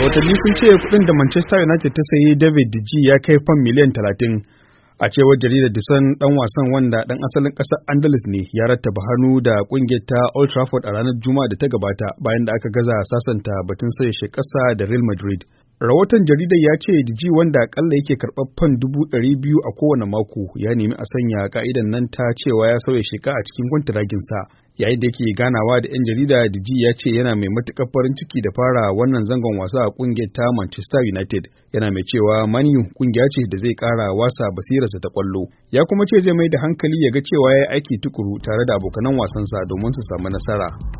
rahotanni sun ce kudin da manchester united ta sayi david G ya kai fan miliyan 30 a cewar jaridar Disan ɗan dan wasan wanda dan asalin kasar andalus ne ya rattaba hannu da kungiyar ta old trafford a ranar juma'a da ta gabata bayan da aka gaza sasanta batun sai shekarsa da real madrid Rahoton jaridar ya ce jiji wanda akalla yake karɓar fan dubu ɗari biyu a kowane mako ya nemi a sanya ka'idan nan ta cewa ya sauya sheka a cikin sa yayin da yake ganawa da 'yan jarida jiji ya ce yana mai matuƙar farin ciki da fara wannan zangon wasa a ƙungiyar ta Manchester United yana mai cewa Manu ƙungiya ce da zai ƙara wasa basirarsa ta ƙwallo ya kuma ce zai mai da hankali ya ga cewa ya yi aiki tukuru tare da abokanan wasansa domin su samu nasara.